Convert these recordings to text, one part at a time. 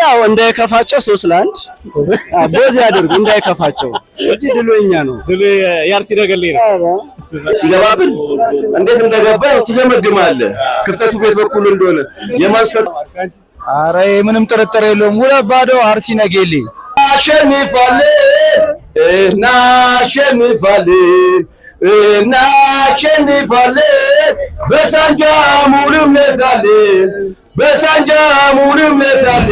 ያው እንዳይከፋቸው ሶስት ለአንድ ቦዝ ያደርጉ እንዳይከፋቸው እዚህ ድሉ የእኛ ነው። ድሉ ያርሲ ደገሌ ነው። ሲገባብን እንዴት እንደገባ ትገመግማለህ፣ ክፍተቱ ቤት በኩል እንደሆነ የማስተር አረ ምንም ጥርጥር የለውም። ሁለት ባዶ አርሲ ነገሌ እናሸንፋለን፣ እናሸንፋለን፣ እናሸንፋለን በሳንጃ ሙሉም ነታለን በሳንጃ ለታለ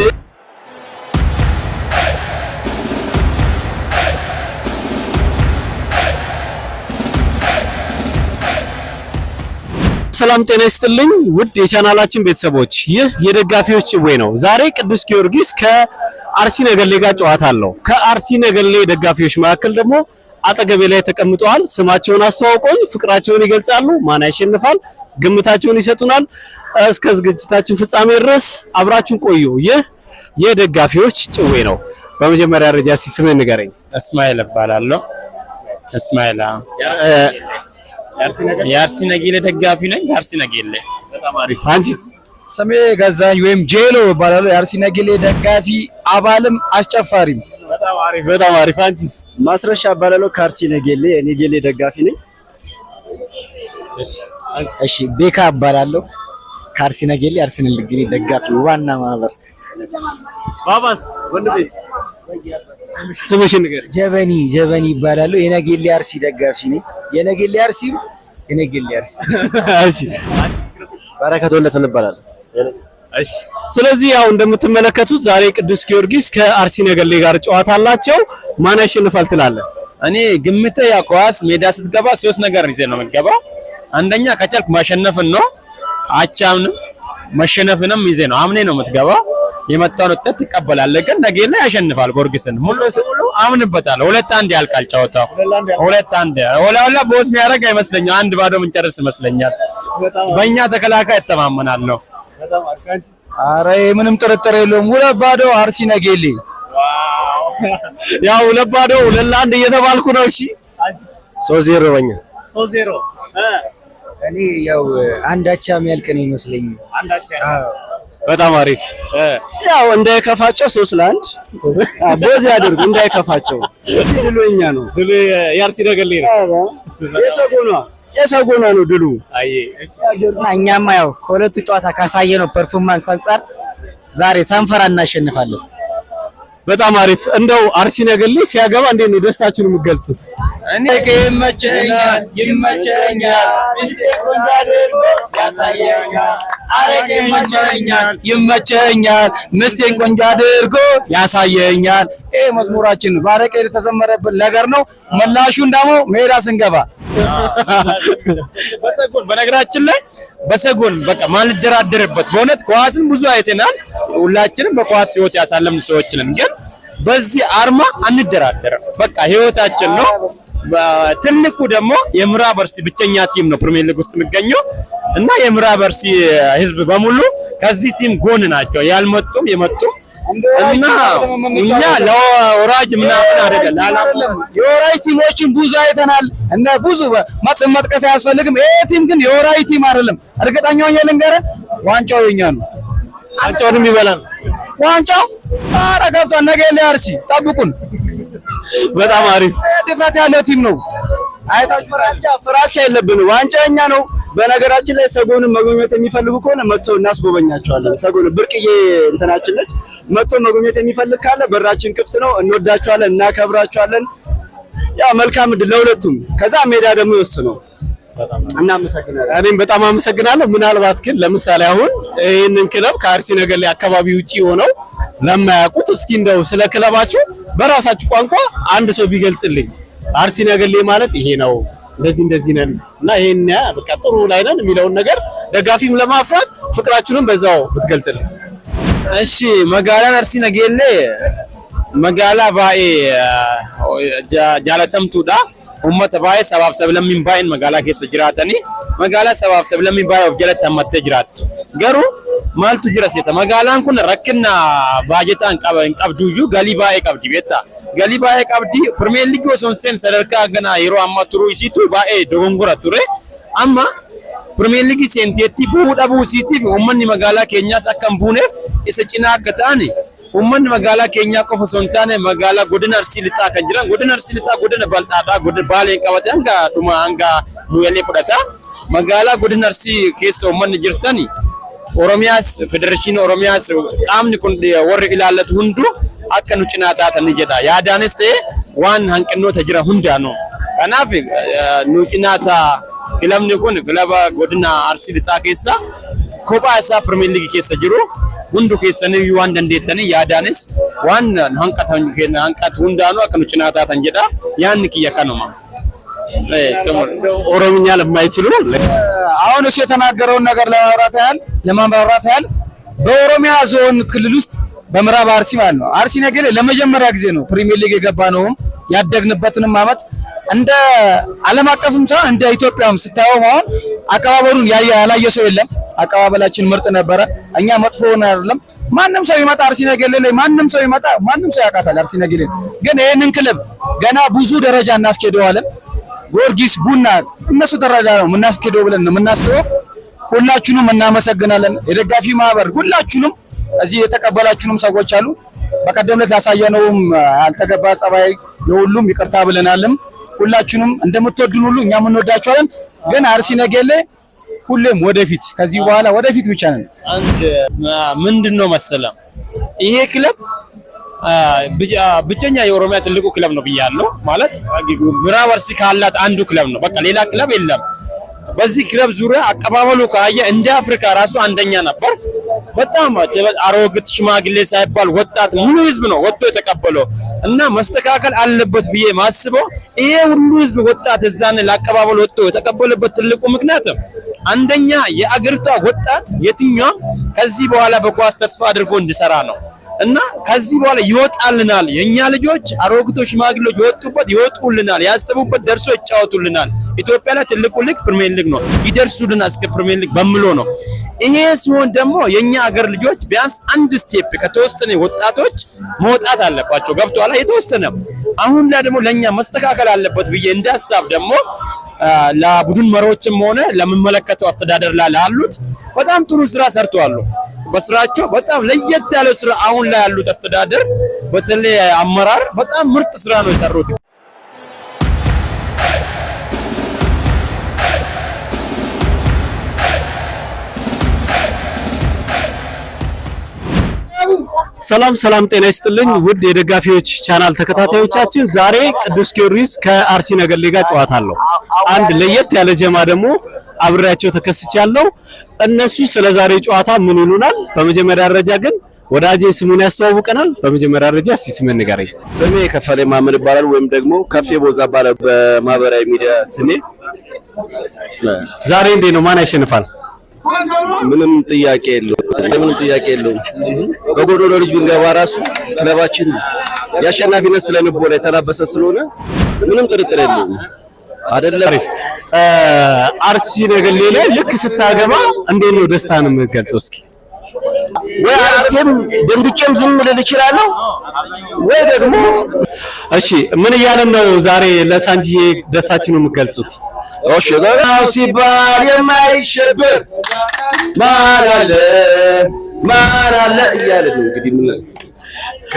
ሰላም ጤና ይስጥልኝ ውድ የቻናላችን ቤተሰቦች፣ ይህ የደጋፊዎች ጭዌ ነው። ዛሬ ቅዱስ ጊዮርጊስ ከአርሲ ነገሌ ጋር ጨዋታ አለው። ከአርሲ ነገሌ ደጋፊዎች መካከል ደግሞ አጠገቤ ላይ ተቀምጠዋል። ስማቸውን አስተዋውቆኝ ፍቅራቸውን ይገልጻሉ። ማን ያሸንፋል? ግምታቸውን ይሰጡናል። እስከ ዝግጅታችን ፍጻሜ ድረስ አብራችሁን ቆዩ። ይህ የደጋፊዎች ጭዌ ነው። በመጀመሪያ ደረጃ ስም ንገረኝ። እስማኤል እባላለሁ። እስማኤል የአርሲ ነጌሌ ደጋፊ ነኝ። የአርሲ ነጌሌ አንቺስ? ስሜ ገዛኝ ወይም ጄሎ እባላለሁ። የአርሲ ነጌሌ ደጋፊ አባልም አስጨፋሪም በጣም አሪፍ በጣም አሪፍ። አንቺስ? ማስረሻ እባላለሁ ከአርሲ ነገሌ የነገሌ ደጋፊ ነኝ። እሺ ቤካ እባላለሁ ከአርሲ ነገሌ አርሲ ነገሌ ደጋፊ ዋና ማህበር። ባባስ ወንድሜ ስምሽን ንገር። ጀበኒ ጀበኒ እባላለሁ የነገሌ አርሲ ደጋፊ ነኝ። የነገሌ አርሲ የነገሌ አርሲ። እሺ በረከት ወለት እንባላለን። ስለዚህ ያው እንደምትመለከቱት ዛሬ ቅዱስ ጊዮርጊስ ከአርሲ ነገሌ ጋር ጨዋታ አላቸው። ማን ያሸንፋል ትላለህ? እኔ ግምቴ ያ ኳስ ሜዳ ስትገባ ሶስት ነገር ይዘህ ነው የምትገባው። አንደኛ ከቻልክ ማሸነፍን ነው፣ አቻምንም መሸነፍንም ይዘህ ነው አምኔ ነው የምትገባው። የመጣውን ውጤት ትቀበላለህ። ግን ነገ ላይ ያሸንፋል ጊዮርጊስን ሙሉ ሙሉ አምንበታለሁ። ሁለት አንድ ያልቃል ጨዋታው። ሁለት አንድ ወላ ወላ ቦስ የሚያደርግ አይመስለኛል። አንድ ባዶ የምንጨርስ ይመስለኛል። በእኛ ተከላካይ እተማመናለሁ። አረ ምንም ጥርጥር የለውም። ሁለት ባዶ አርሲ ነገሌ። ያው ሁለት ባዶ ሁለት ለአንድ እየተባልኩ ነው። እሺ ሶስት ዜሮ በኛ ሶስት ዜሮ እኔ ያው አንዳቻ የሚያልቅ ነው ይመስለኝ። በጣም አሪፍ። ያው እንዳይከፋቸው ሶስት ለአንድ ቦዝ አድርጉ እንዳይከፋቸው። ድሉ የኛ ነው። ድሉ የአርሲ ነገሌ ነው። የሰጎኗ ነው ድሉ። እኛማ ያው ከሁለቱ ጨዋታ ካሳየነው ነው ፐርፎርማንስ አንጻር ዛሬ ሳንፈራ እናሸንፋለን። በጣም አሪፍ። እንደው አርሲ ነገሌ ሲያገባ እንዴት ነው ደስታችሁን የምትገልጹት? እኔ ይመቸኛል ይመቸኛል ይመቸኛል ምስቴን ቆንጆ አድርጎ ያሳየኛል። ይህ መዝሙራችን በአረቄ የተዘመረብን ነገር ነው። መላሹን ደግሞ ሜዳ ስንገባ በሰጎን በነገራችን ላይ በሰጎን በቃ ማንደራደርበት በእውነት ኳስን ብዙ አይተናል። ሁላችንም በኳስ ህይወት ያሳለፍን ሰዎች ነን ግን በዚህ አርማ አንደራደርም። በቃ ህይወታችን ነው። ትልቁ ደግሞ የምዕራብ አርሲ ብቸኛ ቲም ነው ፕሪሚየር ሊግ ውስጥ የሚገኘው እና የምዕራብ አርሲ ህዝብ በሙሉ ከዚህ ቲም ጎን ናቸው። ያልመጡም የመጡም እና እኛ ለወራጅ ምናምን አደለ አላለም። የወራጅ ቲሞችን ብዙ አይተናል። እና ብዙ ማጽም መጥቀስ አያስፈልግም። ይሄ ቲም ግን የወራጅ ቲም አይደለም። እርግጠኛውን የልንገርህ ዋንጫው የኛ ነው። ዋንጫውንም ይበላል። ዋንጫው ኧረ ገብቷል። ነገ አርሲ ጠብቁን። በጣም አሪፍ ድፍረት ያለው ቲም ነው። አይታችሁ ፍራቻ ፍራቻ የለብንም። ዋንጫ የኛ ነው። በነገራችን ላይ ሰጎንን መጎብኘት የሚፈልጉ ከሆነ መጥቶ እናስጎበኛቸዋለን። ሰጎን ብርቅዬ እንትናችን ነች። መጥቶ መጎብኘት የሚፈልግ ካለ በራችን ክፍት ነው። እንወዳቸዋለን፣ እናከብራቸዋለን። ያ መልካም እድል ለሁለቱም። ከዛ ሜዳ ደግሞ ይወስነው። እናመሰግናለን። እኔም በጣም አመሰግናለሁ። ምናልባት ግን ለምሳሌ አሁን ይህንን ክለብ ከአርሲ ነገሌ አካባቢ ውጪ ሆነው ለማያውቁት እስኪ እንደው ስለ ክለባችሁ በራሳችሁ ቋንቋ አንድ ሰው ቢገልጽልኝ አርሲ ነገሌ ማለት ይሄ ነው እንደዚህ እንደዚህ ነን እና ይሄን ያ በቃ ጥሩ ላይ ነን የሚለውን ነገር ደጋፊም ለማፍራት ፍቅራችሁንም በዛው ብትገልጽልኝ። እሺ መጋላን አርሲ ነገሌ መጋላ ባኤ ጃለተምቱዳ ummata baay'ee sabaaf sablammii baay'een magaalaa keessa jiraatanii magaalaa sabaaf sablammii baay'ee of jalatti hammattee jiraattu. Garuu maaltu jira seeta magaalaan kun rakkina baajetaan qaba hin qabduyyuu galii baay'ee qabdi beektaa. Galii baay'ee qabdi pirmeer liigii osoo hin sadarkaa ganaa yeroo ammaa turuu isiitu baay'ee dogongora ture amma pirmeer liigii seenteetti bu'uu dhabuu isiitiif uummanni magaalaa keenyaas akka hin buuneef isa cinaa akka ta'anii Uummanni magaalaa keenyaa qofa osoo hin taane magaalaa godina Arsii lixaa kan jiran godina Arsii lixaa godina bal'aadhaa godina Baaleen qabate hanga dhuma hanga Muyalee fudhata. Magaalaa godina Arsii keessa uummanni jirtani Oromiyaas federeeshinii Oromiyaas qaamni kun warri ilaallatu hundu akka nu cinaa taatan ni jedha. Yaadaanis ta'e waan hanqinnoota jira hundaanuu. Kanaaf nu cinaa taa kilabni kun kilaba godina Arsii lixaa keessa kophaa isaa Pirimeer Liigii keessa jiru. ሁንዱ keessanii waan dandeettanii yaadaanis waan hanqatan hanqatu hundaanu akkanu cinaataatan jedha yaanni kiyya kanuma ኦሮምኛ ለማይችሉ አሁን እሱ የተናገረውን ነገር ለማብራት ያህል ለማብራት ያህል በኦሮሚያ ዞን ክልል ውስጥ በምዕራብ አርሲ ማለት ነው አርሲ ነገሌ ለመጀመሪያ ጊዜ ነው ፕሪሚየር ሊግ የገባ ነው። ያደግንበትንም አመት እንደ ዓለም አቀፍም ሳይሆን እንደ ኢትዮጵያም ስታየው አሁን አቀባበሉን ያላየ ሰው የለም። አቀባበላችን ምርጥ ነበረ። እኛ መጥፎ ሆነ አይደለም። ማንም ሰው ይመጣ አርሲ ነገሌ ላይ ማንም ሰው ይመጣ ማንም ሰው ያውቃታል አርሲ ነገሌ። ግን ይህንን ክለብ ገና ብዙ ደረጃ እናስኬደዋለን። ጊዮርጊስ፣ ቡና እነሱ ደረጃ ነው የምናስኬደው ብለን ነው የምናስበው። ሁላችሁንም እናመሰግናለን። የደጋፊ ማህበር ሁላችሁንም እዚህ የተቀበላችሁንም ሰዎች አሉ። በቀደም ዕለት ያሳየነውም ያልተገባ ጸባይ የሁሉም ይቅርታ ብለናልም። ሁላችሁንም እንደምትወዱን ሁሉ እኛ እንወዳችኋለን። ግን አርሲ ነገሌ ሁሌም ወደፊት ከዚህ በኋላ ወደፊት ብቻ ነን። ምንድን ነው መሰለም ይሄ ክለብ ብቸኛ የኦሮሚያ ትልቁ ክለብ ነው ብያለሁ። ማለት ምዕራብ አርሲ ካላት አንዱ ክለብ ነው። በቃ ሌላ ክለብ የለም። በዚህ ክለብ ዙሪያ አቀባበሉ ካየ እንደ አፍሪካ ራሱ አንደኛ ነበር። በጣም አሮግት ሽማግሌ ሳይባል ወጣት ሙሉ ህዝብ ነው ወጥቶ የተቀበለው እና መስተካከል አለበት ብዬ ማስበው ይሄ ሁሉ ህዝብ ወጣት እዛን ለአቀባበል ወጥቶ የተቀበለበት ትልቁ ምክንያትም አንደኛ የአገሪቷ ወጣት የትኛውም ከዚህ በኋላ በኳስ ተስፋ አድርጎ እንዲሰራ ነው እና ከዚህ በኋላ ይወጣልናል። የኛ ልጆች አሮግቶ ሽማግሌዎች ይወጡበት ይወጡልናል፣ ያሰቡበት ደርሶ ይጫወቱልናል። ኢትዮጵያ ላይ ትልቁ ሊግ ፕሪሚየር ሊግ ነው። ይደርሱልን እስከ ፕሪሚየር ሊግ በምሎ ነው። ይሄ ሲሆን ደግሞ የኛ አገር ልጆች ቢያንስ አንድ ስቴፕ ከተወሰነ ወጣቶች መውጣት አለባቸው። ገብቷላ? የተወሰነ አሁን ላይ ደግሞ ለኛ መስተካከል አለበት ብዬ እንዳሳብ ደግሞ ለቡድን መሪዎችም ሆነ ለሚመለከተው አስተዳደር ላይ ላሉት በጣም ጥሩ ስራ ሰርተዋል። በስራቸው በጣም ለየት ያለው ስራ አሁን ላይ ያሉት አስተዳደር በተለይ አመራር በጣም ምርጥ ስራ ነው የሰሩት። ሰላም ሰላም፣ ጤና ይስጥልኝ ውድ የደጋፊዎች ቻናል ተከታታዮቻችን፣ ዛሬ ቅዱስ ጊዮርጊስ ከአርሲ ነገሌ ጋር ጨዋታ አለው። አንድ ለየት ያለ ጀማ ደግሞ አብሬያቸው ተከስቻለሁ። እነሱ ስለ ዛሬ ጨዋታ ምን ይሉናል? በመጀመሪያ ደረጃ ግን ወዳጄ ስሙን ያስተዋውቀናል። በመጀመሪያ ደረጃ እስቲ ስሜን ንገረኝ። ስሜ ከፈለ ማመን ይባላል፣ ወይም ደግሞ ከፌ ቦዛ ባለ በማህበራዊ ሚዲያ ስሜ። ዛሬ እንዴ ነው ማን ያሸንፋል? ምንም ጥያቄ የለውም። ምንም ጥያቄ የለውም። በጎዶሎ ልጅ ብንገባ ራሱ ክለባችን የአሸናፊነት ስለ ንቦ የተላበሰ ስለሆነ ምንም ጥርጥር የለውም። አይደለም አርሲ ነገር ሌላ ልክ ስታገባ እንዴት ነው ደስታን የምገልጸው? እስኪ ወይ አርቲም ደንግጬም ዝም ልል እችላለሁ ወይ ደግሞ እሺ፣ ምን እያለን ነው ዛሬ ለሳንጂዬ ደስታችን የምገልጹት? እሺ ሲባል የማይሸብር ማራለ ማራለ እያለ ነው እንግዲህ ምን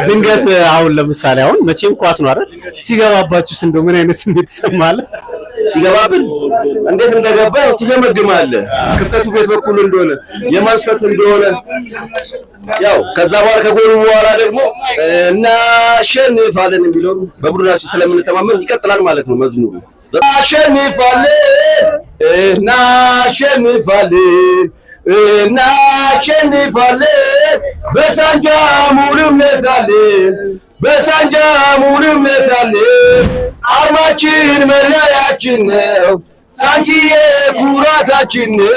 ድንገት አሁን ለምሳሌ አሁን መቼም ኳስ ነው አይደል? ሲገባባችሁስ እንደ ምን አይነት ስሜት ይሰማል? ሲገባብን እንዴት እንደገባ ትገመግማለህ፣ ክፍተቱ ቤት በኩል እንደሆነ የማንስተት እንደሆነ ያው ከዛ በኋላ ከጎሉ በኋላ ደግሞ እናሸንፋለን የሚለውን በቡድናችን ስለምንተማመን ይቀጥላል ማለት ነው መዝሙሩ። እናሸንፋለን እናሸንፋለን ናሸን ይፋለን በሳንጃ ሙሉም ነታለን በሳንጃ ሙሉም ነታለን። አርማችን መለያችን ነው፣ ሳንጂዬ ኩራታችን ነው።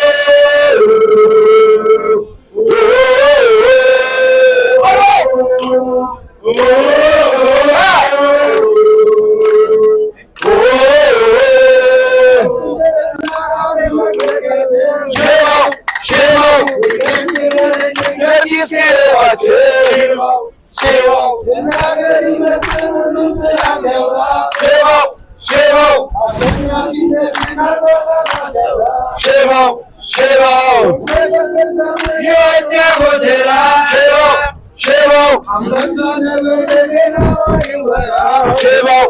ఉపజెలా శివం శివం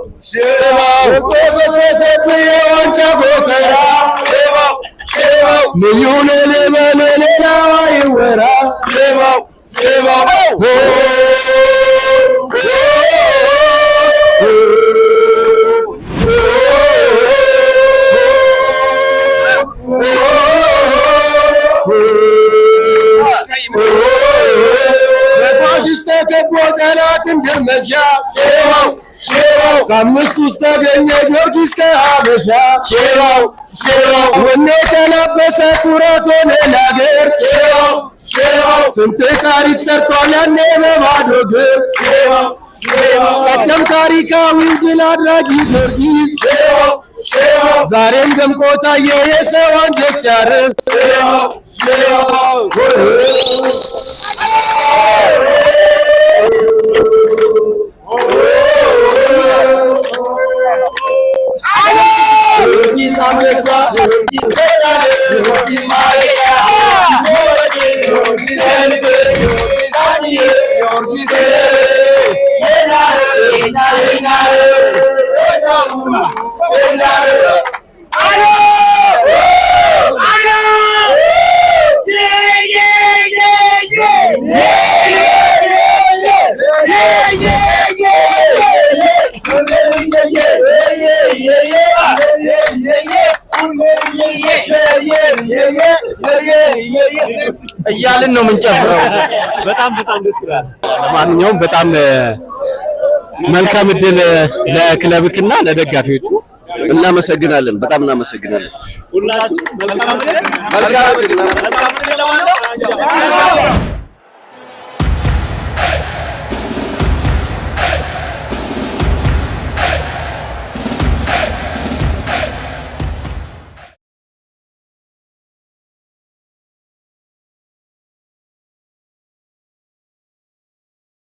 శివం మియూనే దేవ దేవ దేవ దేవ దేవ በአምስት ውስጥ ተገኘ ጊዮርጊስ ከሀበሻ ሽባው ሽባው ወኔ ተላበሰ ኩራት ሆነ ለአገር ሽባው ሽባው ስንት ታሪክ ሰርቷል ያኔ በባዶ እግር ሽባው ሽባው ቀደም ታሪካዊ ድል አድራጊ ጊዮርጊስ ዛሬም ደምቆ ታየ የሰው አንጀት ሲያርፍ እያልን ነው የምንጨፍረው። በጣም በጣም ደስ ይላል። ለማንኛውም በጣም መልካም እድል ለክለብክና ለደጋፊዎቹ እናመሰግናለን። በጣም እናመሰግናለን። ሁላችሁም መልካም እድል